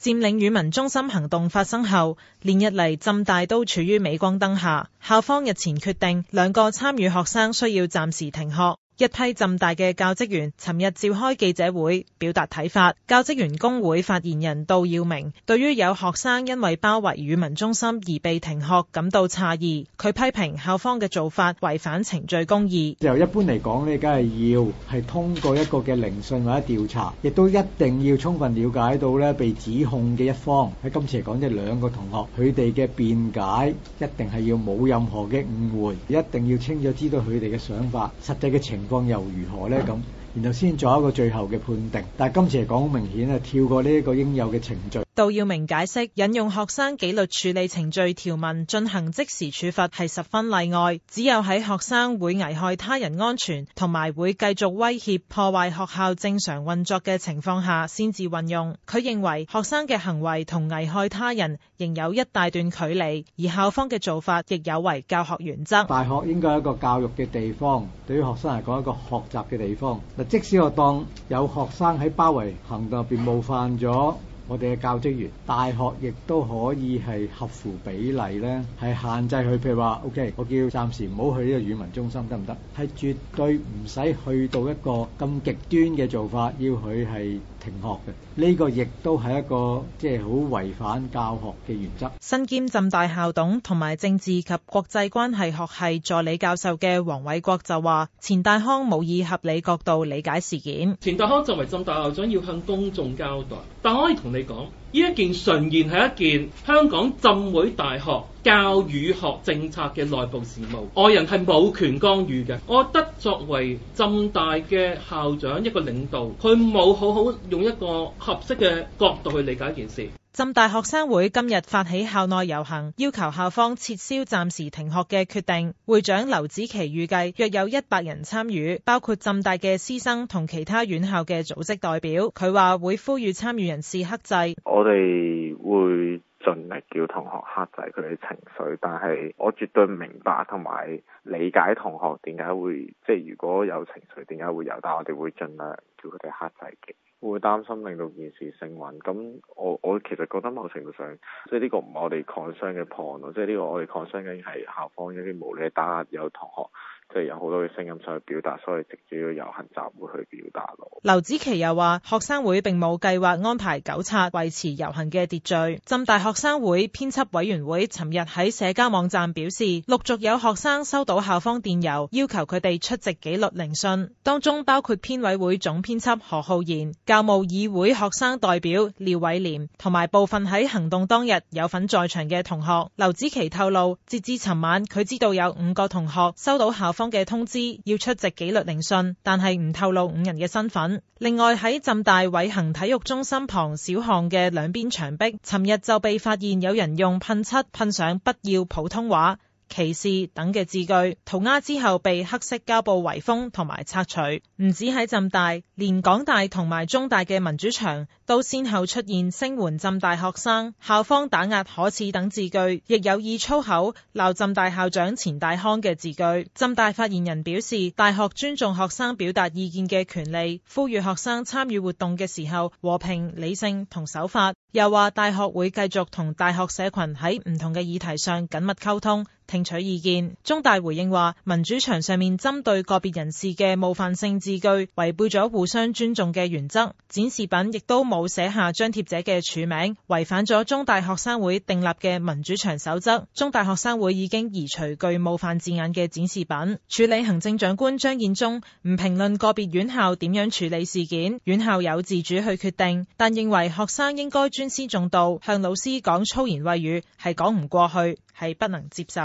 佔領語文中心行動發生後，連日嚟浸大都處於鎂光燈下。校方日前決定，兩個參與學生需要暫時停學。一批浸大嘅教職員尋日召開記者會，表達睇法。教職員工會發言人杜耀明對於有學生因為包圍語文中心而被停學感到詫異，佢批評校方嘅做法違反程序公義。由一般嚟講你梗係要係通過一個嘅聆訊或者調查，亦都一定要充分了解到咧被指控嘅一方喺今次嚟講即係兩個同學，佢哋嘅辯解一定係要冇任何嘅誤會，一定要清楚知道佢哋嘅想法，實際嘅情況。況又如何咧？咁，是的 然後先做一個最後嘅判定。但係今次嚟講，好明顯啊，跳過呢一個應有嘅程序。杜耀明解釋，引用學生紀律處理程序條文進行即時處罰係十分例外，只有喺學生會危害他人安全同埋會繼續威脅破壞學校正常運作嘅情況下先至運用。佢認為學生嘅行為同危害他人仍有一大段距離，而校方嘅做法亦有違教學原則。大學應該係一個教育嘅地方，對於學生嚟講一個學習嘅地方。嗱，即使我當有學生喺包圍行動入邊冒犯咗。我哋嘅教職員大學亦都可以係合乎比例咧，係限制佢。譬如話 OK 我叫暫時唔好去呢個語文中心得唔得？係絕對唔使去到一個咁極端嘅做法，要佢係停學嘅。呢、這個亦都係一個即係好違反教學嘅原則。身兼浸大校董同埋政治及國際關係學系助理教授嘅黃偉國就話錢大康冇以合理角度理解事件。錢大康作為浸大校長要向公眾交代，但可以同你講呢一件純然係一件香港浸會大學教育學政策嘅內部事務，外人係冇權干預嘅。我覺得作為浸大嘅校長，一個領導，佢冇好好用一個合適嘅角度去理解呢件事。浸大學生會今日發起校內遊行，要求校方撤銷暫時停學嘅決定。會長劉子琪預計約有一百人參與，包括浸大嘅師生同其他院校嘅組織代表。佢話會呼籲參與人士克制。我哋會。盡力叫同學克制佢哋情緒，但係我絕對明白同埋理解同學點解會即係如果有情緒點解會有，但係我哋會盡量叫佢哋克制嘅。會唔會擔心令到件事升穩？咁我我其實覺得某程度上，即係呢個唔係我哋關心嘅 point 咯，即係呢個我哋關心緊係校方一啲無理打壓有同學。即係有好多嘅聲音想去表達，所以直接要遊行集會去表達咯。劉子琪又話學生會並冇計劃安排糾察維持遊行嘅秩序。浸大學生會編輯委員會尋日喺社交網站表示，陸續有學生收到校方電郵要求佢哋出席紀律聆訊，當中包括編委會總編輯何浩然、教務議會學生代表廖偉廉同埋部分喺行動當日有份在場嘅同學。劉子琪透露，截至尋晚，佢知道有五個同學收到校方嘅通知要出席紀律聆訊，但係唔透露五人嘅身份。另外，喺浸大偉行體育中心旁小巷嘅兩邊牆壁，尋日就被發現有人用噴漆噴上「不要普通話」。歧視等嘅字句塗鴉之後被黑色膠布圍封同埋拆除。唔止喺浸大，連港大同埋中大嘅民主牆都先後出現“聲援浸大學生”校方打壓可恥等字句，亦有意粗口鬧浸大校長錢大康嘅字句。浸大發言人表示，大學尊重學生表達意見嘅權利，呼籲學生參與活動嘅時候和平、理性同守法。又話大學會繼續同大學社群喺唔同嘅議題上緊密溝通聽取意見，中大回應話，民主牆上面針對個別人士嘅冒犯性字句，違背咗互相尊重嘅原則。展示品亦都冇寫下張貼者嘅署名，違反咗中大學生會訂立嘅民主牆守則。中大學生會已經移除具冒犯字眼嘅展示品。署理行政長官張建宗唔評論個別院校點樣處理事件，院校有自主去決定，但認為學生應該尊師重道，向老師講粗言穢語係講唔過去，係不能接受。